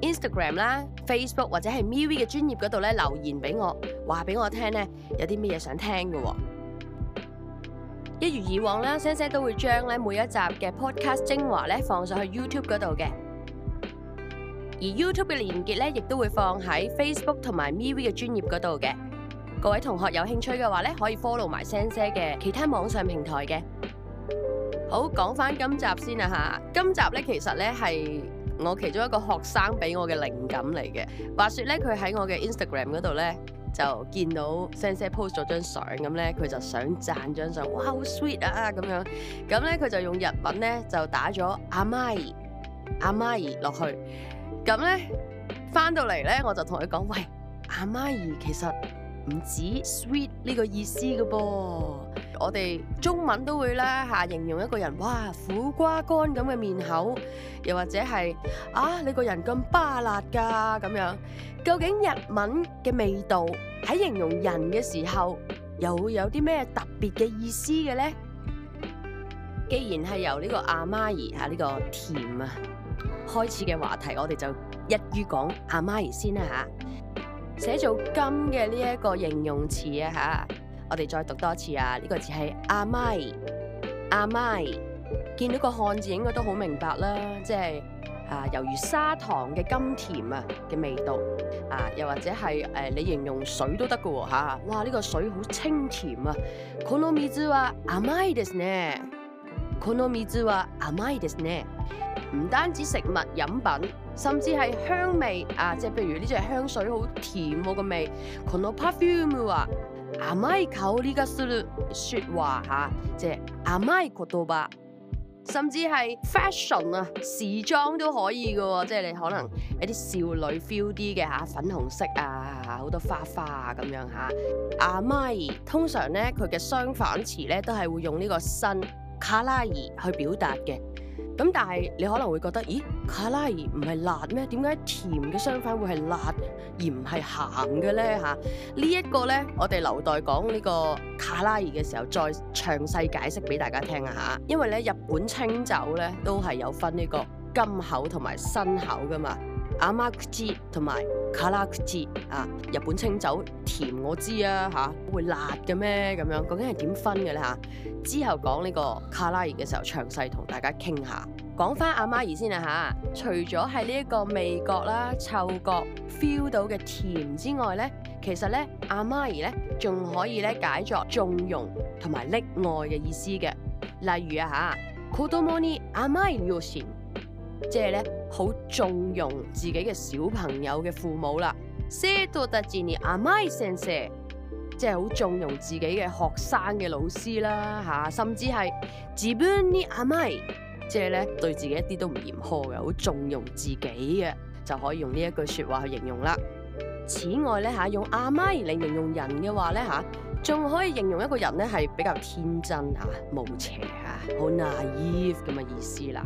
Instagram 啦、Facebook 或者係 MeWe 嘅專頁嗰度咧留言俾我，話俾我聽咧有啲咩嘢想聽嘅。一如以往啦 Sensei 都會將咧每一集嘅 Podcast 精華咧放上去 YouTube 嗰度嘅，而 YouTube 嘅連結咧亦都會放喺 Facebook 同埋 MeWe 嘅專頁嗰度嘅。各位同學有興趣嘅話咧，可以 follow 埋 Sensei 嘅其他網上平台嘅。好，講翻今集先啊嚇，今集咧其實咧係。我其中一個學生俾我嘅靈感嚟嘅，話説咧佢喺我嘅 Instagram 嗰度咧就見到 sensei post 咗張相咁咧，佢就想讚張相，哇好 sweet 啊咁樣，咁咧佢就用日文咧就打咗阿媽兒阿媽兒落去，咁咧返到嚟咧我就同佢講，喂阿媽兒其實。唔止 sweet 呢個意思嘅噃，我哋中文都會啦吓，形容一個人哇，哇苦瓜乾咁嘅面口，又或者係啊你個人咁巴辣噶咁樣，究竟日文嘅味道喺形容人嘅時候，又會有啲咩特別嘅意思嘅咧？既然係由呢個甘い吓呢個甜啊開始嘅話題，我哋就一於講甘い先啦、啊、吓。寫做甘嘅呢一個形容詞啊，我哋再讀多次啊！呢、這個字係甘い，甘い，見到個漢字應該都好明白啦，即係啊，猶如砂糖嘅甘甜啊嘅味道啊，又或者係、呃、你形容水都得嘅喎嚇，哇！呢、這個水好清甜啊，この水は甘いですね。この水は甘いですね。唔單止食物飲品。甚至係香味啊，即係譬如呢隻香水很甜好甜喎，個味。Kono perfume 啊，阿米求呢個說説話嚇，即係阿米求到吧。甚至係 fashion 啊時裝都可以嘅喎，即係你可能一啲少女 feel 啲嘅、啊、粉紅色啊，好多花花啊咁樣嚇。阿米通常呢，佢嘅相反詞呢，都係會用呢個新卡拉爾去表達嘅。咁但係你可能會覺得，咦，卡拉爾唔係辣咩？點解甜嘅相反會係辣而唔係鹹嘅呢？呢一個呢，我哋留待講呢個卡拉爾嘅時候再詳細解釋俾大家聽一下，因為咧，日本清酒呢都係有分呢個甘口同埋辛口㗎嘛。阿媽佢知同埋卡拉佢知啊！日本清酒甜我知啊，嚇，會辣嘅咩咁樣？究竟係點分嘅咧吓，之後講呢個卡拉兒嘅時候，詳細同大家傾下。講翻阿媽兒先啦吓，除咗係呢一個味覺啦，嗅覺 feel 到嘅甜之外咧，其實咧阿媽兒咧仲可以咧解作縱容同埋溺愛嘅意思嘅。例如啊，吓 o l o k e 啊，子供阿甘い両親。即係咧，好縱容自己嘅小朋友嘅父母啦。生徒たちに甘い先生，即係好縱容自己嘅學生嘅老師啦，吓、啊，甚至係自分に甘い，即係咧對自己一啲都唔嚴苛嘅，好縱容自己嘅，就可以用呢一句說話去形容啦。此外咧，吓、啊、用阿咪嚟形容人嘅話咧，吓、啊。仲可以形容一個人咧，係比較天真啊、無邪啊、好 naive 咁嘅意思啦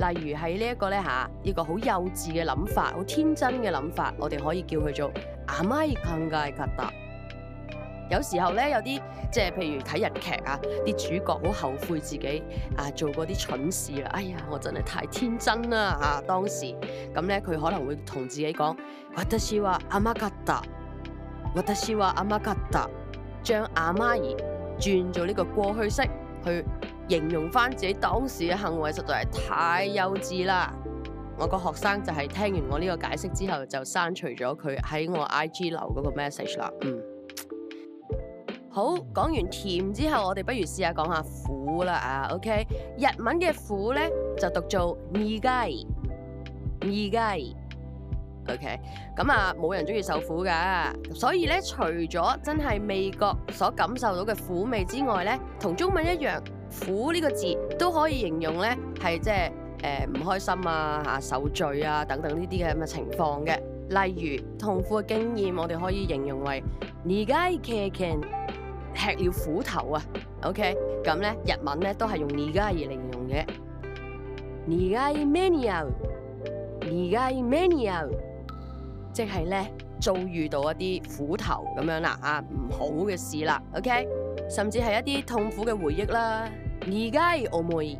嚇。例如喺呢一個咧嚇，呢個好幼稚嘅諗法、好天真嘅諗法，我哋可以叫佢做阿媽亦更加介吉達。有時候咧，有啲即係譬如睇日劇啊，啲主角好後悔自己啊做過啲蠢事啦。哎呀，我真係太天真啦嚇！當時咁咧，佢可能會同自己講：核突是話阿媽吉達，核突是話阿媽吉達。將甘い轉做呢個過去式，去形容翻自己當時嘅行為，實在係太幼稚啦！我個學生就係聽完我呢個解釋之後，就刪除咗佢喺我 I G 留嗰個 message 啦。嗯，好，講完甜之後，我哋不如試下講下苦啦啊！OK，日文嘅苦呢，就讀做にがい，二 O.K. 咁啊，冇人中意受苦噶，所以咧，除咗真係味覺所感受到嘅苦味之外咧，同中文一樣，苦呢個字都可以形容咧係即係誒唔開心啊吓受罪啊等等呢啲嘅咁嘅情況嘅。例如痛苦嘅經驗，我哋可以形容為苦い，吃了苦頭啊。O.K. 咁咧日文咧都係用苦い嚟形容嘅，苦い目に遭う，苦い目に遭う。即係咧遭遇到一啲苦頭咁樣啦嚇，唔好嘅事啦，OK，甚至係一啲痛苦嘅回憶啦。而家我妹，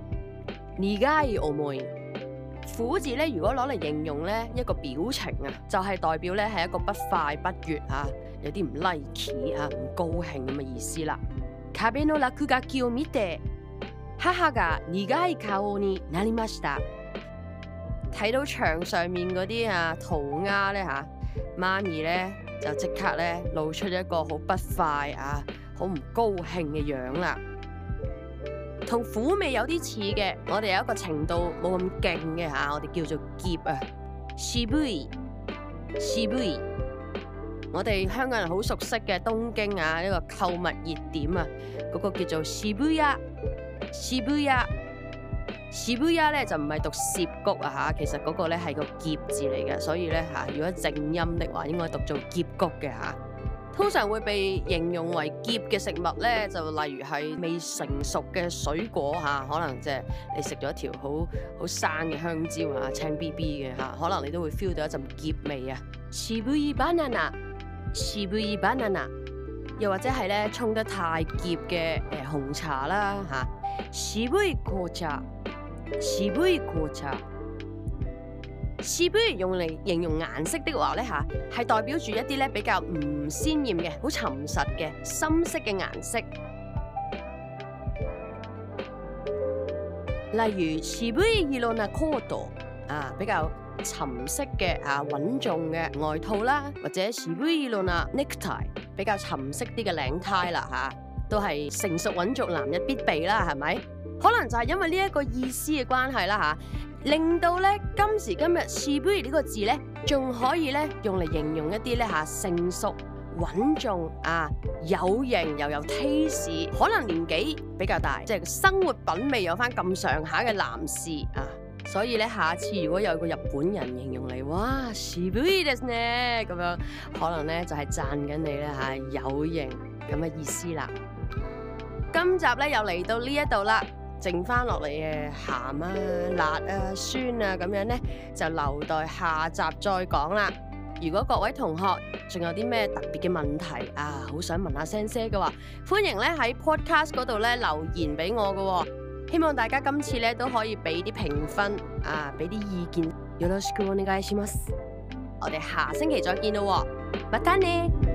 而家我妹，苦字咧如果攞嚟形容咧一個表情啊，就係代表咧係一個不快不悦啊，有啲唔 like 啊，唔高興咁嘅意思啦。睇到牆上面嗰啲啊塗鴉呢吓，媽咪呢就即刻呢露出一個好不快啊、好唔高興嘅樣啦，同苦味有啲似嘅，我哋有一個程度冇咁勁嘅吓，我哋叫做澀啊，shibui shibui，我哋香港人好熟悉嘅東京啊一個購物熱點啊，嗰個叫做 Shibuya Shibuya。渋谷咧就唔係讀蝕谷啊嚇，其實嗰個咧係個澀字嚟嘅，所以咧嚇，如果正音的話應該讀做澀谷嘅嚇。通常會被形容為澀嘅食物咧，就例如係未成熟嘅水果嚇，可能即係你食咗一條好好生嘅香蕉啊，青 B B 嘅嚇，可能你都會 feel 到一陣澀味啊。蝕果 banana，蝕果 banana，又或者係咧沖得太澀嘅誒紅茶啦嚇，蝕果茶。渋い紅茶，渋い用嚟形容顏色的話咧吓，係代表住一啲咧比較唔鮮艷嘅，好沉實嘅深色嘅顏色。例如渋い色の啊，コート啊，比較沉色嘅啊穩重嘅外套啦，或者渋い色の啊，ネクタイ比較沉色啲嘅領呔啦吓，都係成熟穩重男人必備啦，係咪？可能就係因為呢一個意思嘅關係啦吓，令到呢今時今日，渋い呢、這個字呢，仲可以呢用嚟形容一啲呢。吓成熟穩重啊有型又有 taste，可能年紀比較大，即係生活品味有翻咁上下嘅男士啊，所以呢，下次如果有一個日本人形容你，哇，渋いですね，咁樣可能呢就係讚緊你呢。吓有型咁嘅意思啦。今集呢又嚟到呢一度啦。剩翻落嚟嘅鹹啊、辣啊、酸啊咁樣咧，就留待下集再講啦。如果各位同學仲有啲咩特別嘅問題啊，好想問下先生嘅話，歡迎咧喺 podcast 嗰度咧留言俾我嘅、哦。希望大家今次咧都可以俾啲評分啊，俾啲意見。よろしくお願いします。我哋下星期再見咯、哦，またね。